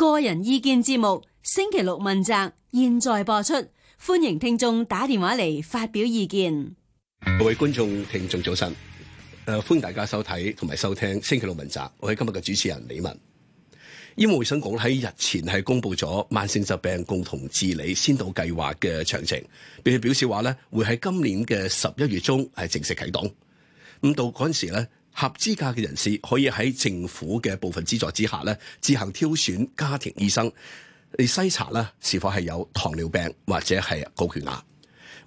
個人意見節目星期六問責，現在播出，歡迎聽眾打電話嚟發表意見。各位觀眾聽眾早晨，誒、呃、歡迎大家收睇同埋收聽星期六問責。我係今日嘅主持人李文。醫務衛生局喺日前係公布咗慢性疾病共同治理先導計劃嘅詳情，並且表示話咧會喺今年嘅十一月中係正式啟動。咁到嗰陣時咧，合資格嘅人士可以喺政府嘅部分資助之下咧，自行挑選家庭醫生嚟篩查啦，是否係有糖尿病或者係高血壓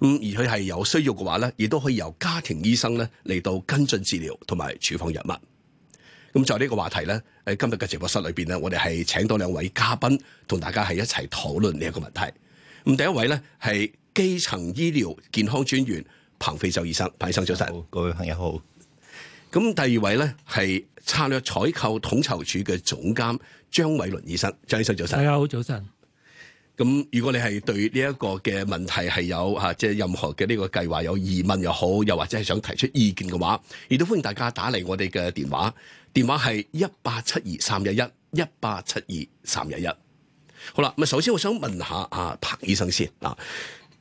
咁？而佢係有需要嘅話咧，亦都可以由家庭醫生咧嚟到跟進治療同埋處方藥物。咁就呢個話題咧，喺今日嘅直播室裏邊咧，我哋係請到兩位嘉賓同大家係一齊討論呢一個問題。咁第一位咧係基層醫療健康專員彭飛舟醫生，彭醫生早晨，各位朋友好。咁第二位咧係策略採購統籌處嘅總監張偉麟醫生，張醫生早晨。大家好，早晨。咁如果你係對呢一個嘅問題係有，即係任何嘅呢個計劃有疑問又好，又或者係想提出意見嘅話，亦都歡迎大家打嚟我哋嘅電話，電話係一八七二三一一一八七二三一一。好啦，咁首先我想問下、啊、彭醫生先啊。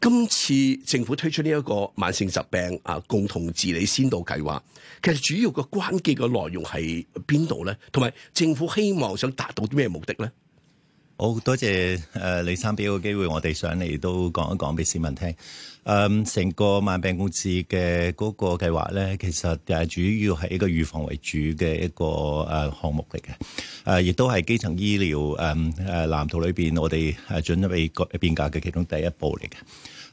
今次政府推出呢一個慢性疾病啊共同治理先導計劃，其實主要嘅關鍵嘅內容係邊度咧？同埋政府希望想達到啲咩目的咧？好多謝誒李生俾個機會我哋上嚟都講一講俾市民聽。誒、嗯，成個慢病共治嘅嗰個計劃咧，其實主要係一個預防為主嘅一個項目嚟嘅。誒、啊，亦都係基層醫療誒誒、嗯、藍圖裏面，我哋係準備變革嘅其中第一步嚟嘅。誒、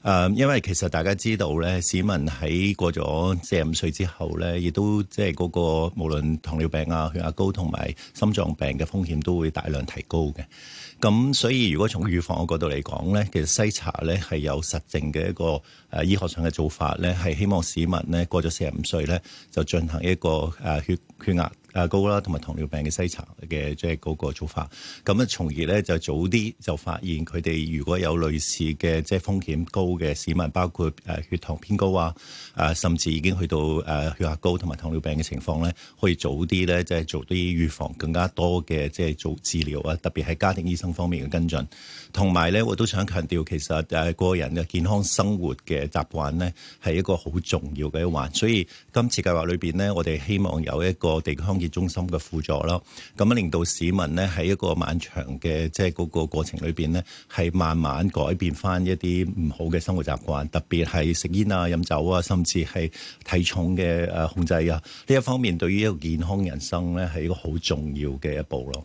嗯，因為其實大家知道咧，市民喺過咗四十五歲之後咧，亦都即係嗰個無論糖尿病啊、血壓高同埋心臟病嘅風險都會大量提高嘅。咁所以如果從預防嘅角度嚟講咧，其實篩查咧係有實證嘅一個誒醫學上嘅做法咧，係希望市民咧過咗四十五歲咧就進行一個誒血血壓誒高啦，同埋糖尿病嘅篩查嘅即係嗰個做法。咁咧從而咧就早啲就發現佢哋如果有類似嘅即係風險高嘅市民，包括誒血糖偏高啊，啊甚至已經去到誒血壓高同埋糖尿病嘅情況咧，可以早啲咧即係做啲預防更加多嘅即係做治療啊，特別係家庭醫生。方面嘅跟進，同埋咧，我都想強調，其實誒個人嘅健康生活嘅習慣咧，係一個好重要嘅一環。所以今次計劃裏邊咧，我哋希望有一個地區康健中心嘅輔助咯，咁啊令到市民咧喺一個漫長嘅即係嗰個過程裏邊咧，係慢慢改變返一啲唔好嘅生活習慣，特別係食煙啊、飲酒啊，甚至係體重嘅誒控制啊呢一方面，對於一個健康人生咧，係一個好重要嘅一步咯。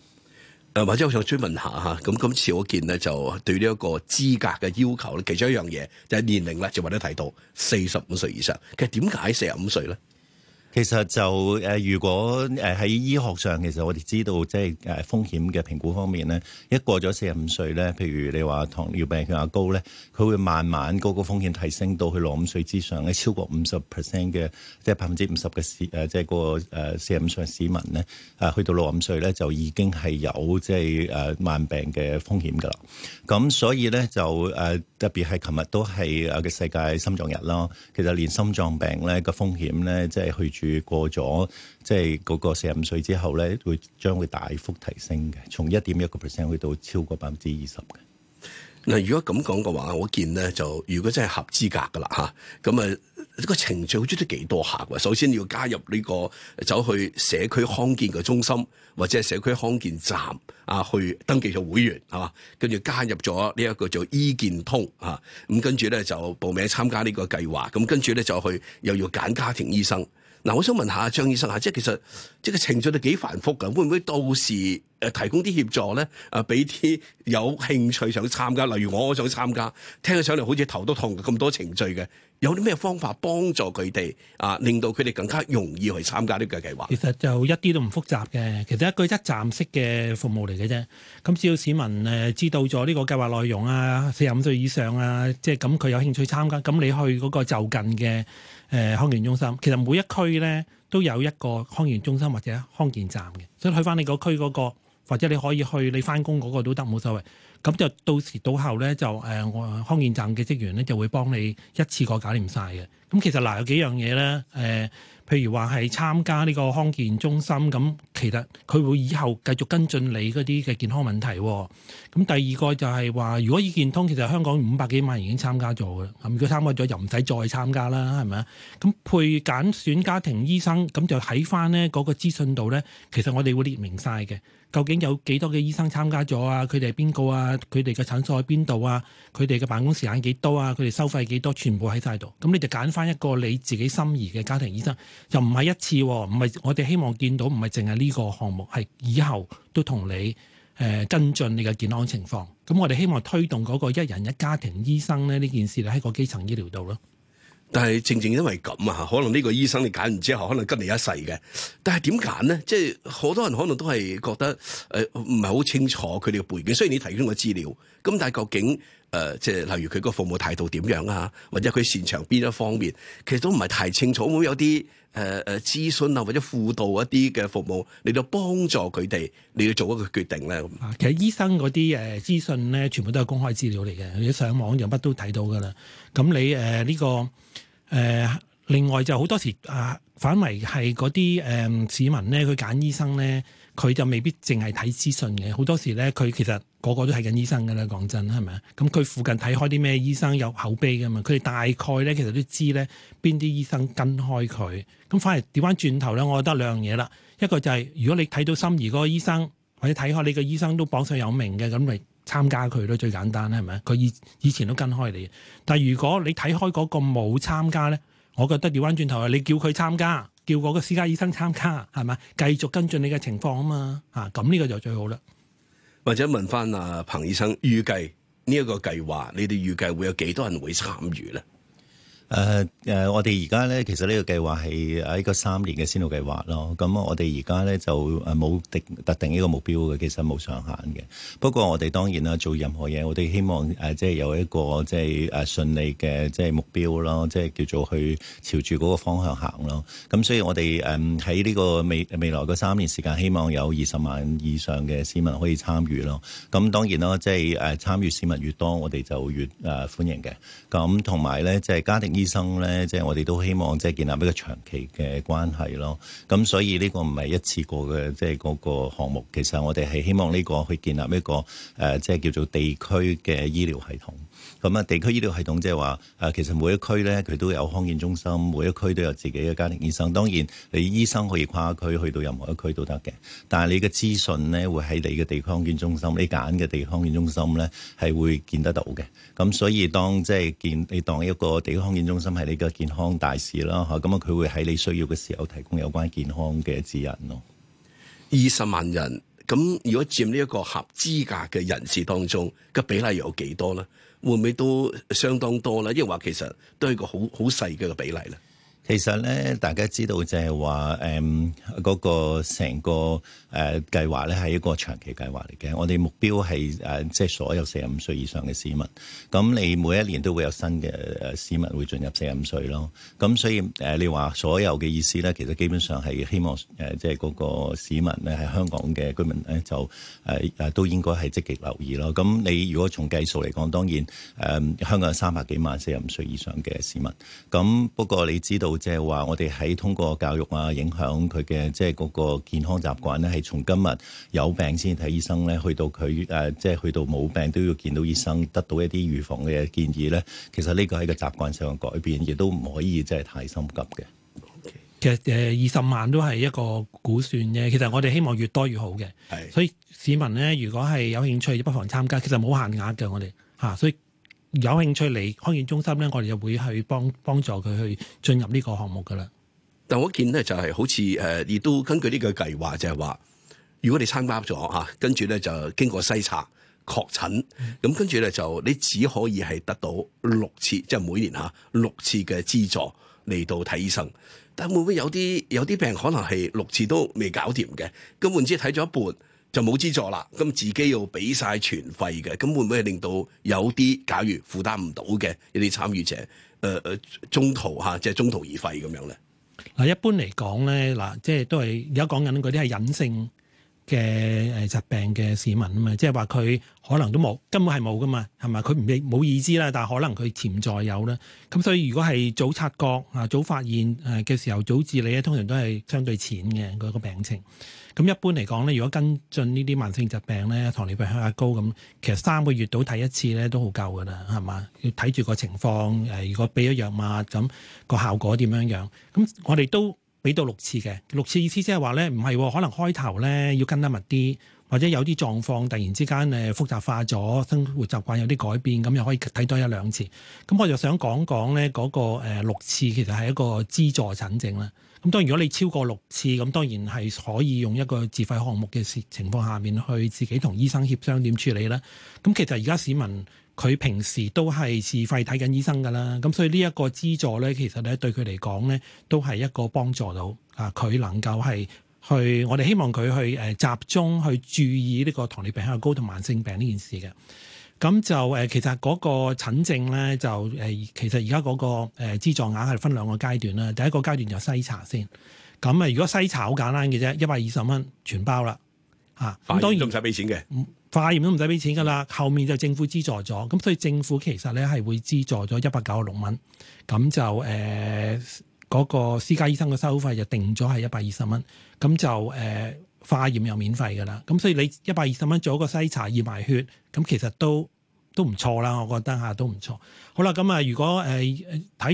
誒或者我想追問下嚇，咁今次我見咧就對呢一個資格嘅要求咧，其中一樣嘢就係年齡咧，就話你提到四十五歲以上，其實點解四十五歲咧？其實就誒、呃，如果誒喺、呃、醫學上，其實我哋知道，即係誒、啊、風險嘅評估方面咧，一過咗四十五歲咧，譬如你話糖尿病血壓高、血壓高咧，佢會慢慢個個風險提升到去六十五歲之上咧，超過五十 percent 嘅，即係百分之五十嘅市誒，即係個誒四十五歲嘅市民咧，誒、啊、去到六十五歲咧，就已經係有即係誒慢病嘅風險㗎啦。咁所以咧就誒、啊、特別係琴日都係誒嘅世界心臟日咯。其實連心臟病咧個風險咧，即係去過咗即係嗰個四十五歲之後咧，會將會大幅提升嘅，從一點一個 percent 去到超過百分之二十嘅。嗱，如果咁講嘅話，我見咧就如果真係合資格噶啦吓，咁啊呢個程序好似都幾多客嘅。首先要加入呢個走去社區康健嘅中心或者係社區康健站啊，去登記咗會員啊，跟住加入咗呢一個做醫健通啊，咁跟住咧就報名參加呢個計劃，咁跟住咧就去又要揀家庭醫生。嗱、啊，我想問下張醫生啊，即係其實即係程序都幾繁複嘅，會唔會到時提供啲協助咧？啊，俾啲有興趣想參加，例如我想參加，聽起上嚟好似頭都痛咁多程序嘅，有啲咩方法幫助佢哋啊，令到佢哋更加容易去參加呢個計劃？其實就一啲都唔複雜嘅，其實一個一站式嘅服務嚟嘅啫。咁只要市民誒知道咗呢個計劃內容啊，四十五歲以上啊，即係咁佢有興趣參加，咁你去嗰個就近嘅。誒、呃、康健中心，其實每一區呢都有一個康健中心或者康健站嘅，所以去翻你嗰區嗰個，或者你可以去你翻工嗰個都得，冇所謂。咁就到時到後呢，就、呃、康健站嘅職員呢就會幫你一次過搞掂晒嘅。咁其實嗱、呃、有幾樣嘢呢。呃譬如話係參加呢個康健中心，咁其實佢會以後繼續跟進你嗰啲嘅健康問題。咁第二個就係話，如果醫健通，其實香港五百幾萬人已經參加咗嘅，咁如果參加咗就唔使再參加啦，係咪啊？咁配揀選家庭醫生，咁就睇翻呢嗰、嗰個資訊度呢，其實我哋會列明晒嘅。究竟有幾多嘅醫生參加咗啊？佢哋係邊個啊？佢哋嘅診所喺邊度啊？佢哋嘅辦公時間幾多啊？佢哋收費幾多？全部喺晒度。咁你就揀翻一個你自己心儀嘅家庭醫生。又唔係一次，唔係我哋希望見到，唔係淨係呢個項目，係以後都同你誒、呃、跟進你嘅健康情況。咁我哋希望推動嗰個一人一家庭醫生咧呢件事咧喺個基層醫療度咯。但係正正因為咁啊，可能呢個醫生你揀完之後，可能跟你一世嘅。但係點揀咧？即係好多人可能都係覺得誒唔係好清楚佢哋嘅背景。雖然你提供個資料，咁但係究竟？誒、呃，即係例如佢個服務態度點樣啊，或者佢擅長邊一方面，其實都唔係太清楚。會有啲誒誒諮詢啊，或者輔導一啲嘅服務嚟到幫助佢哋，你要做一個決定咧。其實醫生嗰啲誒資訊咧，全部都係公開資料嚟嘅，你上網有乜都睇到噶啦。咁你誒呢、呃這個誒、呃，另外就好多時啊、呃，反為係嗰啲誒市民咧，佢揀醫生咧。佢就未必淨係睇資訊嘅，好多時咧，佢其實個個都睇緊醫生噶啦。講真係咪？咁佢附近睇開啲咩醫生有口碑噶嘛？佢哋大概咧其實都知咧邊啲醫生跟開佢。咁反而調翻轉頭咧，我覺得兩樣嘢啦。一個就係，如果你睇到心儀嗰個醫生，或者睇開你個醫生都榜上有名嘅，咁咪參加佢都最簡單係咪？佢以以前都跟開你。但係如果你睇開嗰個冇參加咧，我覺得調翻轉頭啊，你叫佢參加。叫個私家醫生參加，係嘛，繼續跟進你嘅情況啊嘛，啊，咁呢個就最好啦。或者問翻阿彭醫生，預計呢一個計劃，你哋預計會有幾多少人會參與咧？誒、呃、誒、呃，我哋而家咧，其實呢個計劃係一個三年嘅先導計劃咯。咁我哋而家咧就誒冇定特定呢個目標嘅，其實冇上限嘅。不過我哋當然啦，做任何嘢，我哋希望誒、呃、即係有一個即係誒、啊、順利嘅即係目標咯，即係叫做去朝住嗰個方向行咯。咁所以我哋誒喺呢個未未來嗰三年時間，希望有二十萬以上嘅市民可以參與咯。咁當然啦，即係誒、啊、參與市民越多，我哋就越誒、呃、歡迎嘅。咁同埋咧，即係家庭醫生咧，即係我哋都希望即係建立一個長期嘅關係咯。咁所以呢個唔係一次過嘅，即係嗰個項目。其實我哋係希望呢個去建立一個呃、即係、叫做地區嘅醫療系統。咁啊，地區醫療系統即係話其實每一區咧，佢都有康健中心，每一區都有自己嘅家庭醫生。當然，你醫生可以跨區去到任何一區都得嘅，但係你嘅資訊咧會喺你嘅地區康健中心，你揀嘅地區康健中心咧係會見得到嘅。咁所以當即係你當一個地區康健中心係你嘅健康大使啦。吓，咁啊，佢會喺你需要嘅時候提供有關健康嘅指引咯。二十萬人咁，如果佔呢一個合資格嘅人士當中嘅、那個、比例有幾多咧？會唔會都相當多咧？因為話其實都係個好好細嘅比例咧。其實咧，大家知道就係話誒嗰個成個誒計劃咧，係、呃、一個長期計劃嚟嘅。我哋目標係誒即係所有四十五歲以上嘅市民。咁你每一年都會有新嘅誒、呃、市民會進入四十五歲咯。咁所以誒、呃，你話所有嘅意思咧，其實基本上係希望誒即係嗰個市民咧，係香港嘅居民咧，就誒誒、呃、都應該係積極留意咯。咁你如果從計數嚟講，當然誒、呃、香港有三百幾萬四十五歲以上嘅市民。咁不過你知道，即係話我哋喺通過教育啊，影響佢嘅即係嗰個健康習慣咧，係從今日有病先睇醫生咧，去到佢誒，即係去到冇病都要見到醫生，得到一啲預防嘅建議咧。其實呢個係個習慣上嘅改變，亦都唔可以真係太心急嘅。Okay. 其實誒，二十萬都係一個估算啫。其實我哋希望越多越好嘅。係，所以市民咧，如果係有興趣，不妨參加。其實冇限額嘅，我哋吓，所以。有興趣嚟康健中心咧，我哋又會去幫幫助佢去進入呢個項目噶啦。但我見咧就係好似誒，亦都根據呢個計劃就係話，如果你參加咗啊，跟住咧就經過篩查確診，咁跟住咧就你只可以係得到六次，即係每年嚇六次嘅資助嚟到睇醫生。但係會唔會有啲有啲病可能係六次都未搞掂嘅，根本只睇咗一半？就冇資助啦，咁自己要俾晒全費嘅，咁會唔會令到有啲假如負擔唔到嘅一啲參與者，誒、呃、中途嚇、啊、即係中途而廢咁樣咧？嗱，一般嚟講咧，嗱即係都係而家講緊嗰啲係隱性。嘅疾病嘅市民啊嘛，即係話佢可能都冇，根本係冇㗎嘛，係嘛？佢唔冇意思啦，但係可能佢潛在有啦。咁所以如果係早察覺啊、早發現嘅時候早治理咧，通常都係相對淺嘅嗰個病情。咁一般嚟講咧，如果跟進呢啲慢性疾病咧，糖尿病、血壓高咁，其實三個月到睇一次咧都好夠㗎啦，係嘛？要睇住個情況，如果俾咗藥物咁、嗰個效果點樣樣？咁我哋都。俾到六次嘅，六次意思即係話咧，唔係、哦、可能開頭咧要跟得密啲，或者有啲狀況突然之間誒複雜化咗，生活習慣有啲改變，咁又可以睇多一兩次。咁、嗯、我就想講講咧嗰、個誒、呃、六次其實，係一個資助診症啦。咁、嗯、當然如果你超過六次，咁、嗯、當然係可以用一個自費項目嘅情況下面去自己同醫生協商點處理啦。咁、嗯、其實而家市民。佢平時都係自費睇緊醫生㗎啦，咁所以呢一個資助咧，其實咧對佢嚟講咧，都係一個幫助到啊！佢能夠係去，我哋希望佢去集中去注意呢個糖尿病高同慢性病呢件事嘅。咁就其實嗰個診症咧，就其實而家嗰個誒資助額係分兩個階段啦。第一個階段就篩查先，咁啊如果篩查好簡單嘅啫，一百二十蚊全包啦嚇，咁當然仲唔使俾錢嘅。嗯化驗都唔使俾錢㗎啦，後面就政府資助咗，咁所以政府其實咧係會資助咗一百九十六蚊，咁就誒嗰、呃那個私家醫生嘅收費就定咗係一百二十蚊，咁就誒、呃、化驗又免費㗎啦，咁所以你一百二十蚊做一個篩查驗埋血，咁其實都都唔錯啦，我覺得吓都唔錯。好啦，咁啊如果誒睇、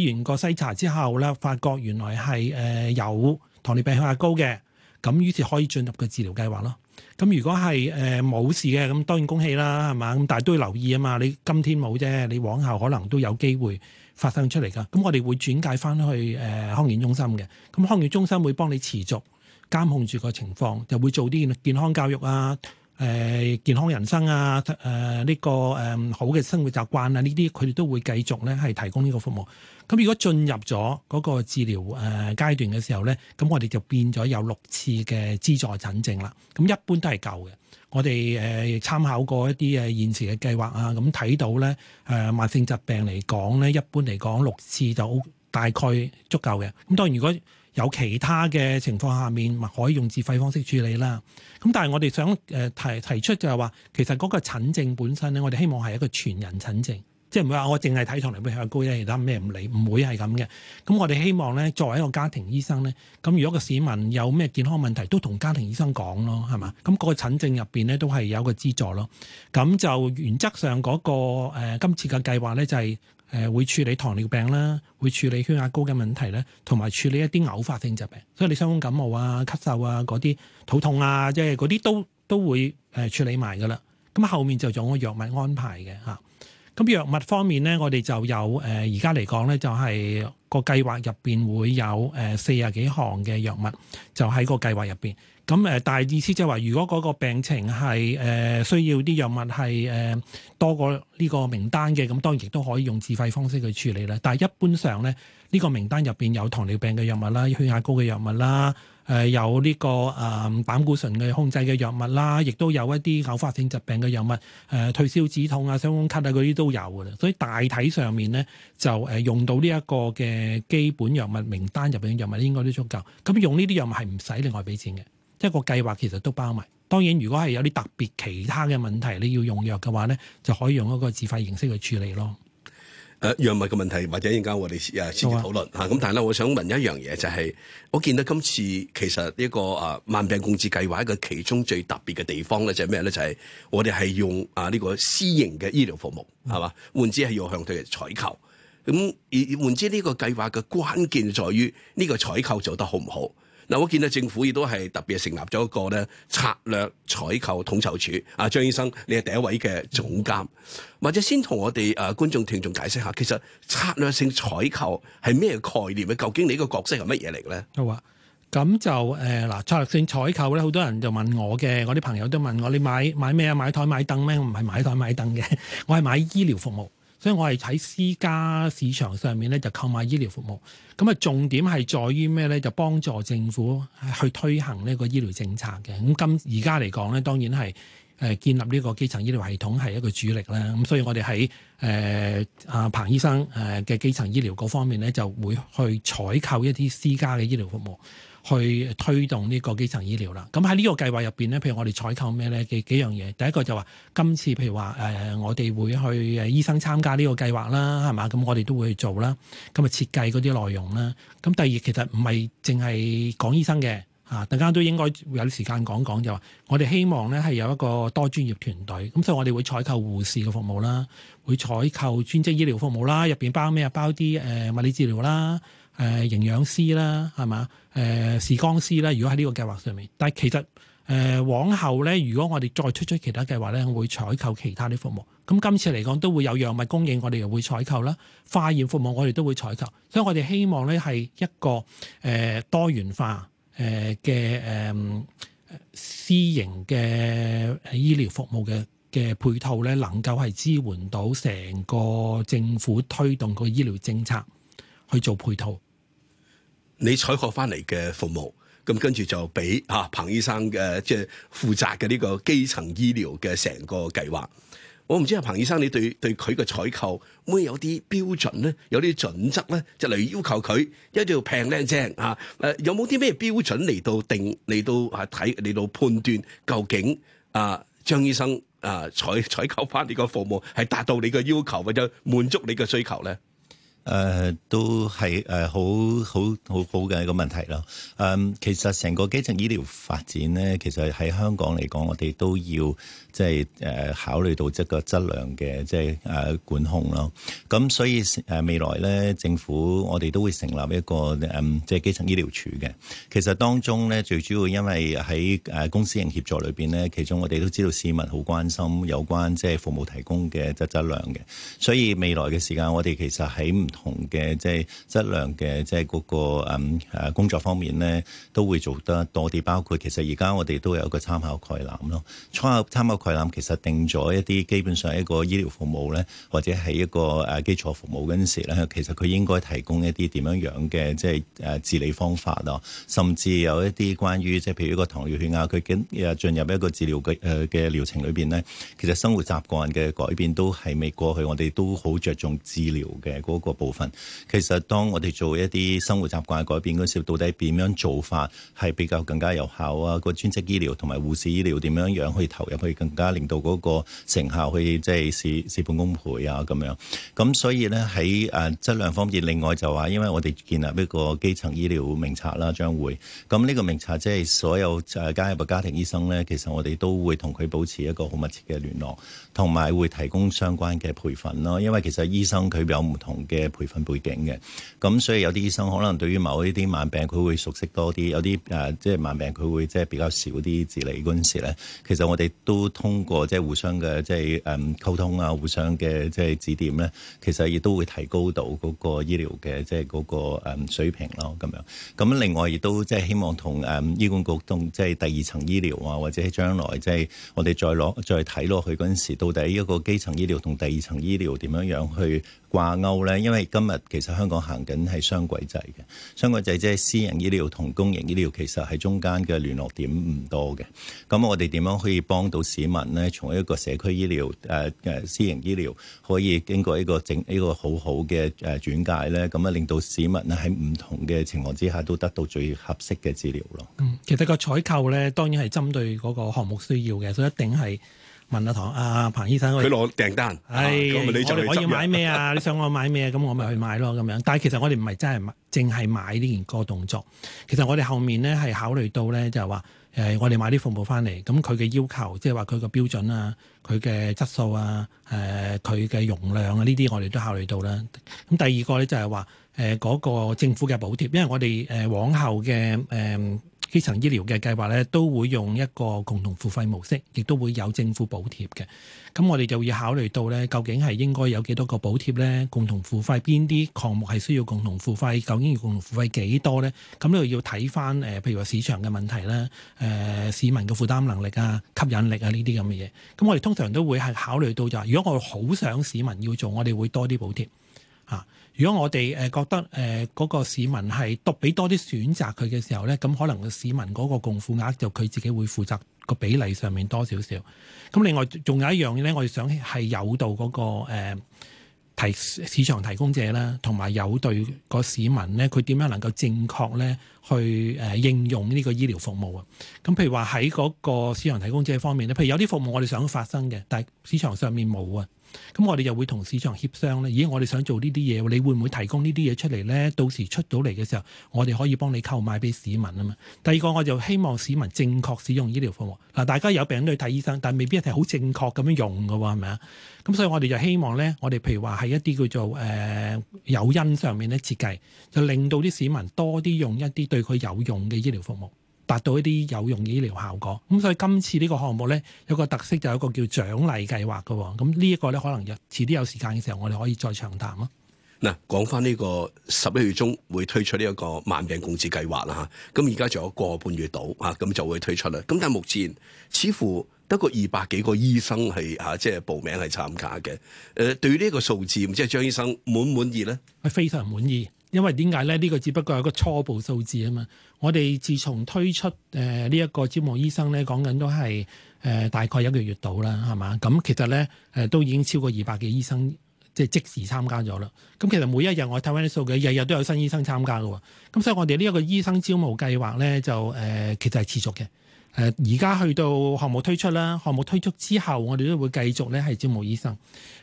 呃、完個篩查之後咧，發覺原來係誒、呃、有糖尿病血壓高嘅，咁於是可以進入個治療計劃咯。咁如果係呃、冇事嘅，咁當然恭喜啦，係嘛？咁但係都要留意啊嘛。你今天冇啫，你往後可能都有機會發生出嚟噶。咁我哋會轉介翻去、呃、康健中心嘅。咁康健中心會幫你持續監控住個情況，就會做啲健康教育啊。誒健康人生啊，誒、呃、呢、這個誒、呃、好嘅生活習慣啊，呢啲佢哋都會繼續咧係提供呢個服務。咁如果進入咗嗰個治療誒階段嘅時候咧，咁我哋就變咗有六次嘅資助診症啦。咁一般都係夠嘅。我哋誒參考過一啲誒現時嘅計劃啊，咁睇到咧誒、呃、慢性疾病嚟講咧，一般嚟講六次就大概足夠嘅。咁當然如果有其他嘅情況下面，咪可以用自費方式處理啦。咁但係我哋想誒提提出就係話，其實嗰個診症本身咧，我哋希望係一個全人診症，即係唔會話我淨係睇同糖尿病向高嘅，其他咩唔理，唔會係咁嘅。咁我哋希望咧，作為一個家庭醫生咧，咁如果個市民有咩健康問題，都同家庭醫生講咯，係嘛？咁個診症入邊咧都係有個資助咯。咁就原則上嗰、個、呃、今次嘅計劃咧就係、是。誒會處理糖尿病啦，會處理血壓高嘅問題咧，同埋處理一啲偶發性疾病，所以你傷風感冒啊、咳嗽啊嗰啲、肚痛啊，即係嗰啲都都會誒處理埋噶啦。咁後面就仲有藥物安排嘅嚇。咁藥物方面咧，我哋就有誒而家嚟講咧，呃、就係、是這個計劃入邊會有誒四廿幾項嘅藥物，就喺個計劃入邊。咁誒，但係意思即係話，如果嗰個病情係、呃、需要啲藥物係、呃、多過呢個名單嘅，咁當然亦都可以用自費方式去處理啦。但係一般上咧，呢個名單入邊有糖尿病嘅藥物啦、血壓高嘅藥物啦、呃、有呢個誒、呃、膽固醇嘅控制嘅藥物啦，亦都有一啲偶發性疾病嘅藥物，呃、退燒止痛啊、傷風咳啊嗰啲都有嘅。所以大體上面咧，就誒用到呢一個嘅基本藥物名單入邊嘅藥物，應該都足夠。咁用呢啲藥物係唔使另外俾錢嘅。即、這、係個計劃其實都包埋，當然如果係有啲特別其他嘅問題，你要用藥嘅話咧，就可以用一個自發形式去處理咯。誒、啊，藥物嘅問題或者而家我哋誒先至討論吓，咁、啊、但係咧，我想問一樣嘢就係、是，我見到今次其實呢、這個誒、啊、萬病共治計劃嘅其中最特別嘅地方咧就係咩咧？就係、是就是、我哋係用啊呢、這個私營嘅醫療服務係嘛，換、嗯、之係要向佢哋採購。咁、嗯、換之呢個計劃嘅關鍵在於呢個採購做得好唔好？嗱，我見到政府亦都係特別成立咗一個咧策略採購統籌處。啊，張醫生，你係第一位嘅總監，或者先同我哋誒觀眾聽眾解釋下，其實策略性採購係咩概念咧？究竟你個角色係乜嘢嚟咧？好啊，咁就誒嗱、呃，策略性採購咧，好多人就問我嘅，我啲朋友都問我，你買買咩啊？買台買凳咩？唔係買台買凳嘅，我係買醫療服務。所以我係喺私家市場上面咧就購買醫療服務，咁啊，重點係在於咩咧？就幫助政府去推行呢個醫療政策嘅。咁今而家嚟講咧，當然係誒建立呢個基層醫療系統係一個主力啦。咁所以我哋喺誒阿彭醫生誒嘅基層醫療嗰方面咧，就會去採購一啲私家嘅醫療服務。去推動呢個基層醫療啦。咁喺呢個計劃入面咧，譬如我哋採購咩咧？幾幾樣嘢？第一個就話，今次譬如話、呃、我哋會去醫生參加呢個計劃啦，係嘛？咁我哋都會去做啦。咁啊，設計嗰啲內容啦。咁第二其實唔係淨係講醫生嘅，啊，大家都應該有時間講講就話，我哋希望咧係有一個多專業團隊。咁所以我哋會採購護士嘅服務啦，會採購專職醫療服務啦，入面包咩啊？包啲、呃、物理治療啦。誒、呃、營養師啦，係嘛？誒、呃、視光師啦。如果喺呢個計劃上面，但係其實誒、呃、往後咧，如果我哋再推出其他計劃咧，會採購其他啲服務。咁今次嚟講都會有藥物供應，我哋又會採購啦。化驗服務我哋都會採購，所以我哋希望咧係一個誒、呃、多元化誒嘅誒私營嘅醫療服務嘅嘅配套咧，能夠係支援到成個政府推動個醫療政策去做配套。你採購翻嚟嘅服務，咁跟住就俾嚇彭醫生嘅，即係負責嘅呢個基層醫療嘅成個計劃。我唔知啊，彭醫生，你對對佢嘅採購會有啲標準咧，有啲準則咧，就嚟要求佢一定要平靚正、啊、有冇啲咩標準嚟到定嚟到睇嚟到判斷究竟啊張醫生啊採採購翻呢個服務係達到你嘅要求或者滿足你嘅需求咧？誒、呃、都係誒、呃、好，好，好好好好嘅一個問題咯。誒，其實成個基層醫療發展咧，其實喺香港嚟講，我哋都要即係誒考慮到即個質量嘅即係誒管控咯。咁所以誒、呃、未來咧，政府我哋都會成立一個誒即係基層醫療處嘅。其實當中咧，最主要因為喺誒、呃、公私營協作裏邊咧，其中我哋都知道市民好關心有關即係服務提供嘅質質量嘅。所以未來嘅時間，我哋其實喺同嘅即係質量嘅即係個誒誒工作方面咧，都會做得多啲。包括其實而家我哋都有一個參考概覽咯。參考參考概覽其實定咗一啲基本上一個醫療服務咧，或者係一個誒基礎服務嗰陣時咧，其實佢應該提供一啲點樣樣嘅即係誒治理方法咯，甚至有一啲關於即係譬如一個糖尿血壓，佢已經誒進入一個治療嘅誒嘅療程裏邊咧，其實生活習慣嘅改變都係未過去。我哋都好着重治療嘅嗰個。部分其實，當我哋做一啲生活習慣改變嗰時，到底點樣做法係比較更加有效啊？個專職醫療同埋護士醫療點樣樣可以投入去，更加令到嗰個成效去即係事事半功倍啊。咁樣咁，所以呢，喺誒質量方面，另外就話，因為我哋建立一個基層醫療名冊啦，將會咁呢個名冊即係所有、呃、加入個家庭醫生呢，其實我哋都會同佢保持一個好密切嘅聯絡。同埋會提供相關嘅培訓咯，因為其實醫生佢有唔同嘅培訓背景嘅，咁所以有啲醫生可能對於某一啲慢病佢會熟悉多啲，有啲誒即係慢病佢會即係比較少啲治理嗰陣時咧，其實我哋都通過即係互相嘅即係誒溝通啊，互相嘅即係指點咧，其實亦都會提高到嗰個醫療嘅即係嗰個誒水平咯，咁樣。咁另外亦都即係希望同誒醫管局同即係第二層醫療啊，或者係將來即係我哋再攞再睇落去嗰陣時。到底一個基層醫療同第二層醫療點樣樣去掛鈎呢？因為今日其實香港行緊係雙軌制嘅，雙軌制即係私人醫療同公營醫療，其實喺中間嘅聯絡點唔多嘅，咁我哋點樣可以幫到市民呢？從一個社區醫療誒誒、呃、私營醫療可以經過一個整一個好好嘅誒轉介呢，咁啊，令到市民呢喺唔同嘅情況之下都得到最合適嘅治療咯。嗯，其實個採購呢當然係針對嗰個項目需要嘅，所以一定係問阿、啊、唐啊，彭醫生佢攞訂單，咁、哎、咪、啊、你我要買咩啊？ 你想我買咩？咁我咪去買咯咁樣。但係其實我哋唔係真係買，淨係買呢件個動作。其實我哋後面咧係考慮到咧，就係話誒，我哋買啲服務翻嚟，咁佢嘅要求，即係話佢個標準啊，佢嘅質素啊，誒佢嘅容量啊，呢啲我哋都考慮到啦。咁第二個咧就係話誒嗰個政府嘅補貼，因為我哋誒、呃、往後嘅誒。呃基層醫療嘅計劃咧，都會用一個共同付費模式，亦都會有政府補貼嘅。咁我哋就要考慮到咧，究竟係應該有幾多個補貼咧？共同付費邊啲項目係需要共同付費？究竟要共同付費幾多咧？咁呢度要睇翻誒，譬如話市場嘅問題啦，誒、呃、市民嘅負擔能力啊、吸引力啊呢啲咁嘅嘢。咁我哋通常都會係考慮到就係，如果我好想市民要做，我哋會多啲補貼嚇。如果我哋誒覺得誒嗰、呃那個市民係多俾多啲選擇佢嘅時候咧，咁可能個市民嗰個共付額就佢自己會負責個比例上面多少少。咁另外仲有一樣嘢咧，我哋想係有到嗰、那個、呃、提市場提供者啦，同埋有對個市民咧，佢點樣能夠正確咧去誒、呃、應用呢個醫療服務啊？咁譬如話喺嗰個市場提供者方面咧，譬如有啲服務我哋想發生嘅，但係市場上面冇啊。咁我哋又會同市場協商咧。咦，我哋想做呢啲嘢，你會唔會提供呢啲嘢出嚟咧？到時出到嚟嘅時候，我哋可以幫你購買俾市民啊嘛。第二個，我就希望市民正確使用醫療服務嗱。大家有病都去睇醫生，但未必係好正確咁樣用噶喎，係咪啊？咁所以我哋就希望咧，我哋譬如話喺一啲叫做誒、呃、誘因上面咧設計，就令到啲市民多啲用一啲對佢有用嘅醫療服務。達到一啲有用嘅醫療效果，咁所以今次呢個項目咧有個特色就有一個叫獎勵計劃嘅，咁呢一個咧可能遲啲有時間嘅時候，我哋可以再長談咯。嗱、這個，講翻呢個十一月中會推出呢一個慢病共治計劃啦，嚇，咁而家仲有個半月到啊，咁就會推出啦。咁但係目前似乎得過二百幾個醫生係嚇即係報名係參加嘅，誒，對於呢個數字，唔知係張醫生滿唔滿意咧？係非常滿意。因為點解咧？呢、這個只不過係一個初步數字啊嘛。我哋自從推出誒呢一個招募醫生咧，講緊都係誒大概一個月度啦，係嘛？咁、嗯、其實咧誒、呃、都已經超過二百幾醫生即係即時參加咗啦。咁、嗯、其實每一日我睇翻啲數據，日日都有新醫生參加㗎喎。咁、嗯、所以我哋呢一個醫生招募計劃咧，就誒、呃、其實係持續嘅。誒而家去到項目推出啦，項目推出之後，我哋都會繼續咧係招募醫生。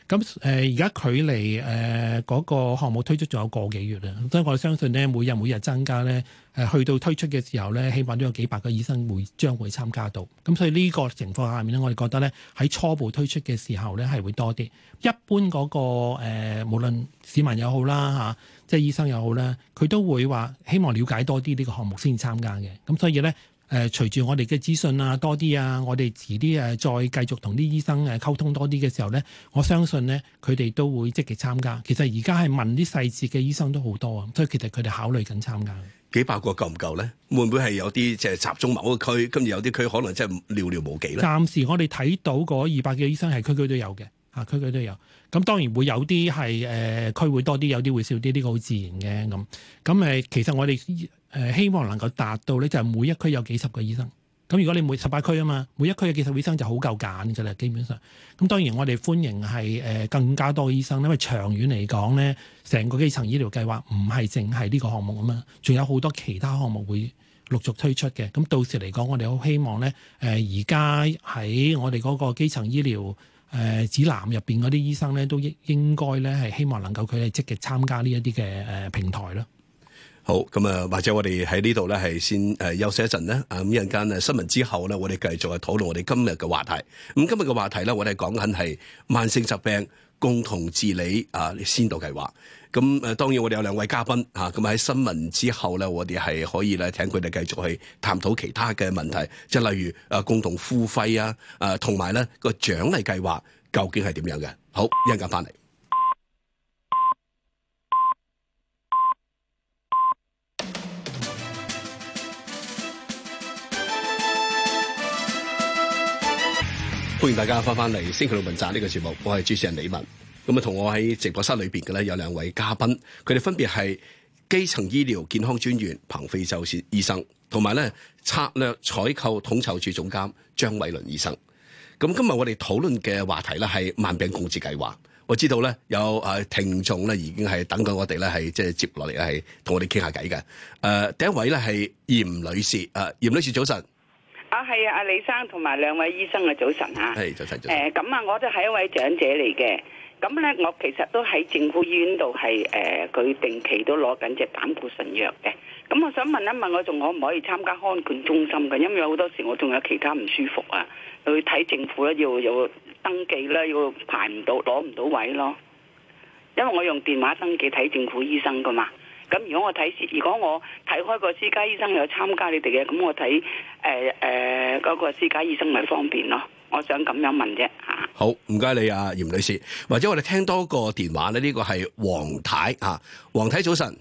咁誒而家距離誒嗰、呃那個項目推出仲有個幾月啦，所以我哋相信呢，每日每日增加咧、呃，去到推出嘅時候咧，希望起碼都有幾百個醫生會將會參加到。咁所以呢個情況下面咧，我哋覺得咧喺初步推出嘅時候咧，係會多啲。一般嗰、那個誒、呃，無論市民又好啦、啊、即係醫生又好啦，佢都會話希望了解多啲呢個項目先參加嘅。咁所以咧。誒、呃、隨住我哋嘅資訊啊多啲啊，我哋遲啲誒、啊、再繼續同啲醫生溝通多啲嘅時候咧，我相信咧佢哋都會積極參加。其實而家係問啲細節嘅醫生都好多啊，所以其實佢哋考慮緊參加。幾百個夠唔夠咧？會唔會係有啲即係集中某個區？跟住有啲區可能真係寥寥無幾咧。暫時我哋睇到嗰二百幾個醫生係區區都有嘅，嚇區區都有。咁當然會有啲係誒區會多啲，有啲會少啲，呢個好自然嘅咁。咁、呃、其實我哋、呃、希望能夠達到咧，就係每一區有幾十個醫生。咁如果你每十八區啊嘛，每一區有幾十個醫生就好夠揀㗎喇，基本上。咁當然我哋歡迎係、呃、更加多嘅醫生，因為長遠嚟講咧，成個基層醫療計劃唔係淨係呢個項目咁嘛，仲有好多其他項目會陸續推出嘅。咁到時嚟講，我哋好希望咧，而家喺我哋嗰個基層醫療。誒指南入面嗰啲醫生咧，都應應該咧係希望能夠佢係積極參加呢一啲嘅誒平台咯。好，咁啊，或者我哋喺呢度咧係先誒休息一陣咧，咁一陣間咧，新聞之後咧，我哋繼續去討論我哋今日嘅話題。咁今日嘅話題咧，我哋講緊係慢性疾病。共同治理啊先導計劃，咁誒，當然我哋有兩位嘉賓吓，咁、啊、喺新聞之後咧，我哋係可以咧，請佢哋繼續去探討其他嘅問題，即係例如誒、啊、共同付費啊，誒同埋咧個獎勵計劃究竟係點樣嘅？好，一陣間翻嚟。歡迎大家翻翻嚟，《星期六問責》呢個節目，我係主持人李文。咁啊，同我喺直播室裏邊嘅咧有兩位嘉賓，佢哋分別係基層醫療健康專員彭飛舟先醫生，同埋咧策略採購統籌處總監張偉麟醫生。咁今日我哋討論嘅話題咧係慢病共治計劃。我知道咧有誒聽眾咧已經係等緊我哋咧係即係接落嚟係同我哋傾下偈嘅。誒、呃，第一位咧係嚴女士。誒、呃，嚴女士早晨。啊，係啊，阿李生同埋兩位醫生嘅早晨吓、啊，係早晨。誒，咁、呃、啊，我都係一位長者嚟嘅。咁咧，我其實都喺政府醫院度係誒，佢、呃、定期都攞緊隻膽固醇藥嘅。咁我想問一問我，我仲可唔可以參加康健中心嘅？因為有好多時我仲有其他唔舒服啊，去睇政府咧，要有登記咧，要排唔到，攞唔到位咯。因為我用電話登記睇政府醫生噶嘛。咁如果我睇，如果我睇開個私家醫生有參加你哋嘅，咁我睇誒誒嗰個私家醫生咪方便咯。我想咁樣問啫嚇。好，唔該你啊，嚴女士。或者我哋聽多個電話咧，呢個係黃太嚇，黃太早晨。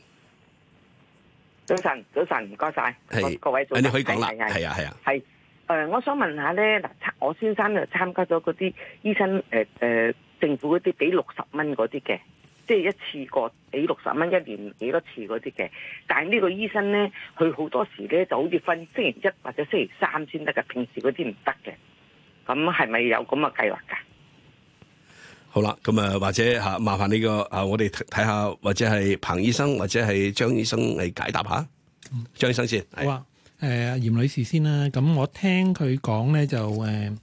早晨，早晨，唔該曬，各位早晨。你可以講啦，係啊，係啊。係誒，我想問一下咧嗱，我先生就參加咗嗰啲醫生誒誒、呃、政府嗰啲俾六十蚊嗰啲嘅。即係一次過俾六十蚊一年幾多次嗰啲嘅，但係呢個醫生咧，佢好多時咧就好似分星期一或者星期三先得㗎，平時嗰啲唔得嘅。咁係咪有咁嘅計劃㗎？好啦，咁啊或者吓，麻煩呢個啊，我哋睇下或者係彭醫生或者係張醫生嚟解答一下，嗯。張醫生先。是好啊。誒，呃，嚴女士先啦，啊。咁我聽佢講咧就誒。呃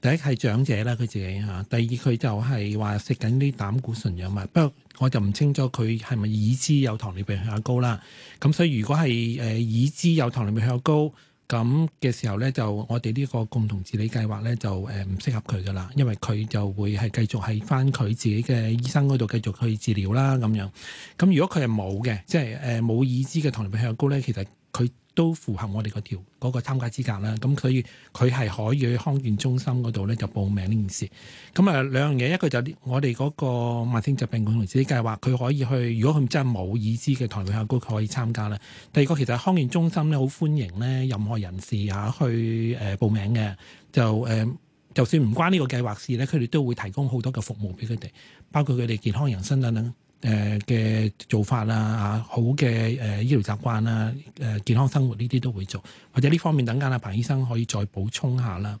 第一係長者啦，佢自己嚇。第二佢就係話食緊啲膽固醇藥物，不過我就唔清楚佢係咪已知有糖尿病血壓高啦。咁所以如果係誒已知有糖尿病血壓高咁嘅時候咧，就我哋呢個共同治理計劃咧就誒唔適合佢噶啦，因為佢就會係繼續喺翻佢自己嘅醫生嗰度繼續去治療啦咁樣。咁如果佢係冇嘅，即係誒冇已知嘅糖尿病血壓高咧，其實佢都符合我哋嗰條嗰個參加資格啦，咁所以佢係可以去康健中心嗰度咧就報名呢件事。咁啊兩樣嘢，一個就是我哋嗰個慢性疾病共同治理計劃，佢可以去；如果佢真係冇已知嘅糖尿病高，佢可以參加啦。第二個其實康健中心咧好歡迎咧任何人士嚇去誒、呃、報名嘅，就誒、呃、就算唔關呢個計劃事咧，佢哋都會提供好多嘅服務俾佢哋，包括佢哋健康人生等等。誒、呃、嘅做法啦、啊，好嘅誒、呃、醫療習慣啦、呃，健康生活呢啲都會做，或者呢方面等間阿彭醫生可以再補充下啦。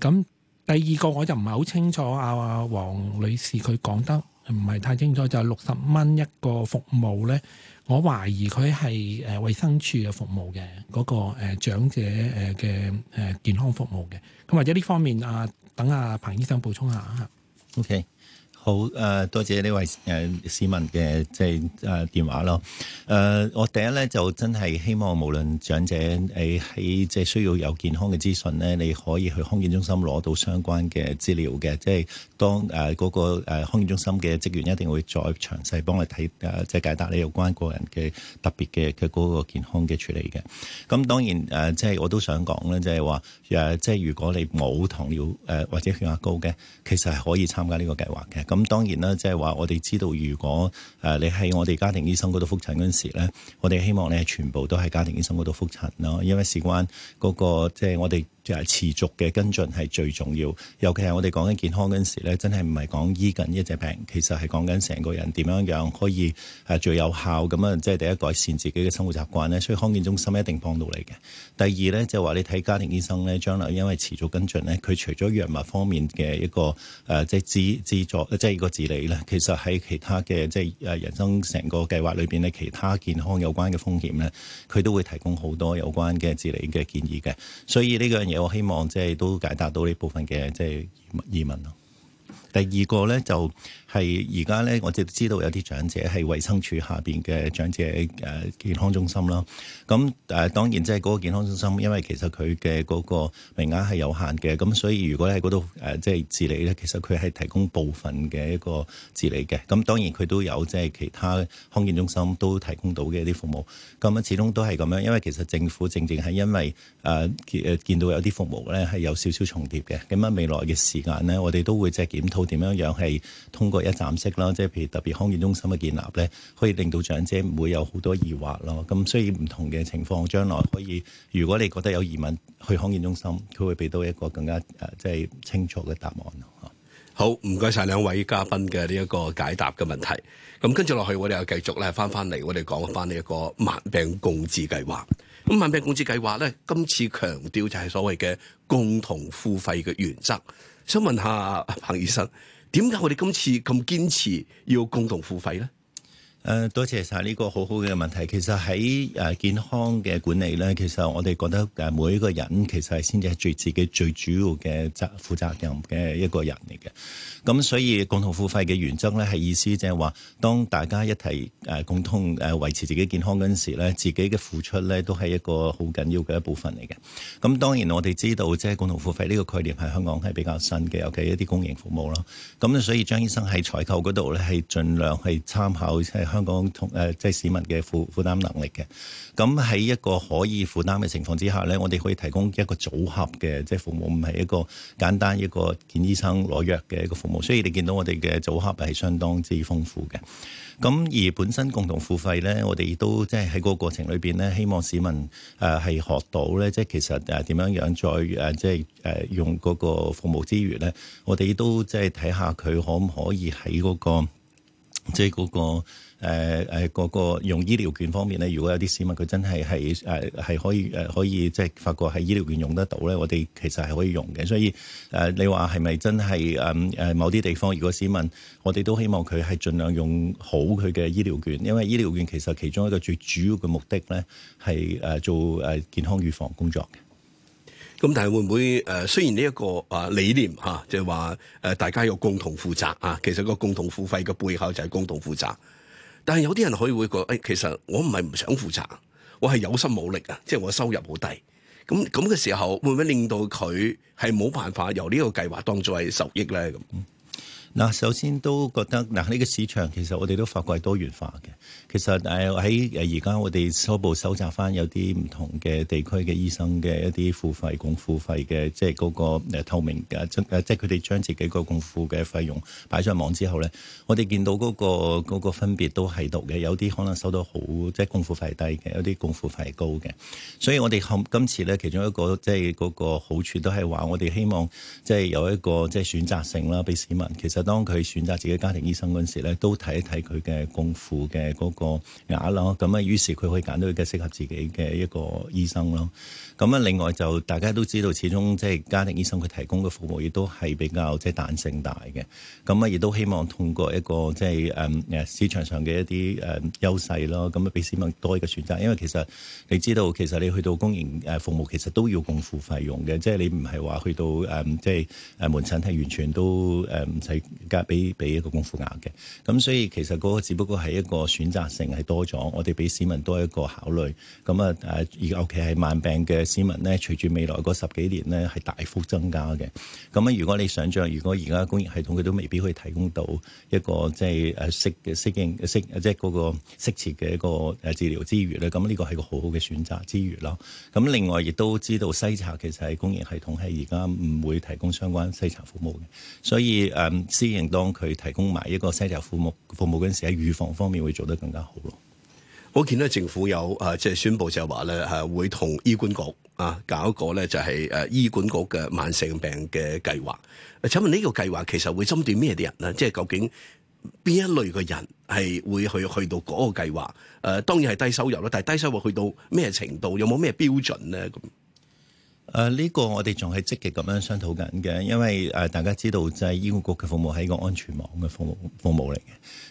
咁第二個我就唔係好清楚，阿阿黃女士佢講得唔係太清楚，就係六十蚊一個服務咧，我懷疑佢係誒衛生署嘅服務嘅嗰、嗰個長、呃、長者嘅、呃、健康服務嘅，咁或者呢方面啊，等阿彭醫生補充下吓。OK。好誒，多謝呢位誒市民嘅即係誒電話咯。誒，我第一咧就真係希望無論長者你喺即係需要有健康嘅資訊咧，你可以去康健中心攞到相關嘅資料嘅。即係當誒嗰個康健中心嘅職員一定會再詳細幫你睇誒，即係解答你有關個人嘅特別嘅嘅嗰個健康嘅處理嘅。咁當然誒，即係我都想講咧，即係話誒，即係如果你冇糖尿誒或者血壓高嘅，其實係可以參加呢個計劃嘅。咁當然啦，即係話我哋知道，如果誒你喺我哋家庭醫生嗰度覆診嗰陣時咧，我哋希望你係全部都喺家庭醫生嗰度覆診咯，因為事關嗰個即係我哋。就係持續嘅跟進係最重要，尤其係我哋講緊健康嗰陣時咧，真係唔係講醫緊一隻病，其實係講緊成個人點樣樣可以係最有效咁樣，即係第一改善自己嘅生活習慣咧，所以康健中心一定幫到你嘅。第二咧，就話、係、你睇家庭醫生咧，將來因為持續跟進咧，佢除咗藥物方面嘅一個誒、呃，即係治治作即係個治理啦，其實喺其他嘅即係誒人生成個計劃裏邊咧，其他健康有關嘅風險咧，佢都會提供好多有關嘅治理嘅建議嘅。所以呢個。我希望即係都解答到呢部分嘅即係疑問咯。第二個咧就。係而家咧，我哋都知道有啲長者係衛生署下邊嘅長者誒健康中心啦。咁誒當然即係嗰個健康中心，因為其實佢嘅嗰個名額係有限嘅，咁所以如果喺嗰度誒即係治理咧，其實佢係提供部分嘅一個治理嘅。咁當然佢都有即係其他康健中心都提供到嘅一啲服務，咁啊，始終都係咁樣，因為其實政府正正係因為誒、啊、見誒見到有啲服務咧係有少少重疊嘅。咁啊，未來嘅時間咧，我哋都會即係檢討點樣樣係通過。一站式啦，即係譬如特別康健中心嘅建立咧，可以令到長者唔會有好多疑惑咯。咁雖然唔同嘅情況，將來可以，如果你覺得有疑問，去康健中心，佢會俾到一個更加誒即係清楚嘅答案咯。嚇，好唔該晒兩位嘉賓嘅呢一個解答嘅問題。咁跟住落去，我哋又繼續咧返返嚟，我哋講返呢一個慢病共治計劃。咁慢病共治計劃咧，今次強調就係所謂嘅共同付費嘅原則。想問下彭醫生。點解我哋今次咁堅持要共同付費咧？誒，多謝晒呢個好好嘅問題。其實喺健康嘅管理咧，其實我哋覺得每一個人其實先至係最自己最主要嘅責負責任嘅一個人嚟嘅。咁所以共同付費嘅原則咧，係意思就係話，當大家一齊共同誒維持自己健康嗰陣時咧，自己嘅付出咧都係一個好緊要嘅一部分嚟嘅。咁當然我哋知道即係共同付費呢個概念喺香港係比較新嘅，尤其一啲公營服務咯。咁所以張醫生喺採購嗰度咧係儘量去參考。香港同誒、呃、即係市民嘅負負擔能力嘅，咁喺一個可以負擔嘅情況之下咧，我哋可以提供一個組合嘅，即係服務唔係一個簡單一個見醫生攞藥嘅一個服務，所以你見到我哋嘅組合係相當之豐富嘅。咁而本身共同付費咧，我哋亦都即係喺個過程裏邊咧，希望市民誒係、呃、學到咧，即係其實誒點樣樣再誒、呃、即係誒、呃、用嗰個服務之餘咧，我哋亦都即係睇下佢可唔可以喺嗰個即係嗰個。誒、呃、誒，個個用醫療券方面咧，如果有啲市民佢真係係誒係可以誒、呃、可以即係發覺喺醫療券用得到咧，我哋其實係可以用嘅。所以誒、呃，你話係咪真係誒誒某啲地方？如果市民，我哋都希望佢係盡量用好佢嘅醫療券，因為醫療券其實其中一個最主要嘅目的咧係誒做誒健康預防工作嘅。咁但係會唔會誒、呃？雖然呢一個啊理念吓，就係話誒大家要共同負責啊，其實個共同付費嘅背後就係共同負責。但係有啲人可以會覺得，誒其實我唔係唔想負責，我係有心冇力啊，即係我收入好低，咁咁嘅時候會唔會令到佢係冇辦法由呢個計劃當作係受益咧咁？嗱，首先都覺得嗱，呢個市場其實我哋都發覺係多元化嘅。其實誒喺誒而家我哋初步收集翻有啲唔同嘅地區嘅醫生嘅一啲付費共付費嘅，即係嗰個誒透明嘅，即誒即係佢哋將自己個共付嘅費用擺上網之後咧，我哋見到嗰個嗰個分別都係多嘅，有啲可能收到好，即係共付費低嘅，有啲共付費高嘅。所以我哋今次咧，其中一個即係嗰個好處都係話我哋希望即係有一個即係選擇性啦，俾市民其實。當佢選擇自己家庭醫生嗰陣時咧，都睇一睇佢嘅共付嘅嗰個額咯。咁啊，於是佢可以揀到佢嘅適合自己嘅一個醫生咯。咁啊，另外就大家都知道，始終即係家庭醫生佢提供嘅服務亦都係比較即係彈性大嘅。咁啊，亦都希望通過一個即係誒誒市場上嘅一啲誒優勢咯，咁啊俾市民多一個選擇。因為其實你知道，其實你去到公營誒服務，其實都要共付費用嘅，即係你唔係話去到誒、嗯、即係誒門診係完全都誒唔使。加俾俾一個功夫額嘅，咁所以其實嗰個只不過係一個選擇性係多咗，我哋俾市民多一個考慮。咁啊誒，而家尤其係慢病嘅市民咧，隨住未來嗰十幾年咧係大幅增加嘅。咁啊，如果你想像，如果而家公營系統佢都未必可以提供到一個即係誒適適應適即係嗰個適切嘅一個誒治療之餘咧，咁呢個係個好好嘅選擇之餘咯。咁另外亦都知道洗牙其實喺公營系統係而家唔會提供相關洗牙服務嘅，所以誒。嗯私營當佢提供埋一個 set 服務服務嗰陣時，喺預防方面會做得更加好咯。我見到政府有誒，即係宣布就話咧，會同醫管局啊搞一個咧，就係誒醫管局嘅慢性病嘅計劃。請問呢個計劃其實會針對咩啲人咧？即係究竟邊一類嘅人係會去去到嗰個計劃？誒，當然係低收入啦，但係低收入去到咩程度，有冇咩標準咧？咁？誒、啊、呢、這個我哋仲係積極咁樣商討緊嘅，因為、啊、大家知道即係、就是、醫管局嘅服務係一個安全網嘅服務服務嚟嘅。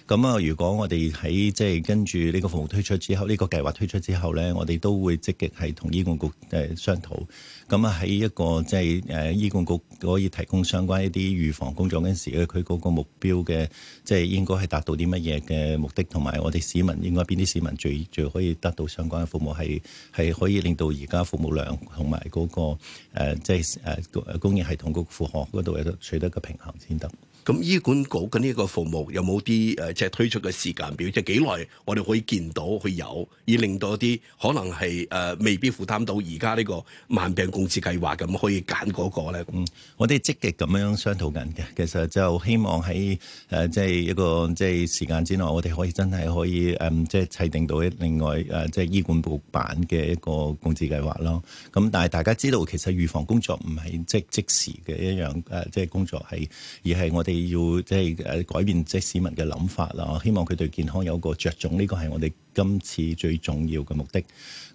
咁啊，如果我哋喺即係跟住呢個服務推出之後，呢、這個計劃推出之後咧，我哋都會積極係同醫管局誒、啊、商討。咁啊喺一個即係誒醫管局可以提供相關一啲預防工作嗰陣時咧，佢嗰個目標嘅即係應該係達到啲乜嘢嘅目的，同埋我哋市民應該邊啲市民最最可以得到相關嘅服務，係係可以令到而家服務量同埋嗰個。誒、呃、即係誒、呃、工業系統個負荷嗰度，有得取得一個平衡先得。咁醫管局嘅呢個服務有冇啲誒即係推出嘅時間表，即係幾耐我哋可以見到佢有，以令到一啲可能係誒、呃、未必負擔到而家呢個慢病共治計劃咁，可以揀嗰個咧。嗯，我哋積極咁樣商討緊嘅，其實就希望喺誒、呃、即係一個即係時間之內，我哋可以真係可以誒即係制定到另外誒即係醫管局版嘅一個共治計劃咯。咁但係大家知道其實如防工作唔係即即時嘅一樣誒、呃，即係工作係，而係我哋要即係誒改變即係市民嘅諗法啦。希望佢對健康有個着重，呢、這個係我哋今次最重要嘅目的。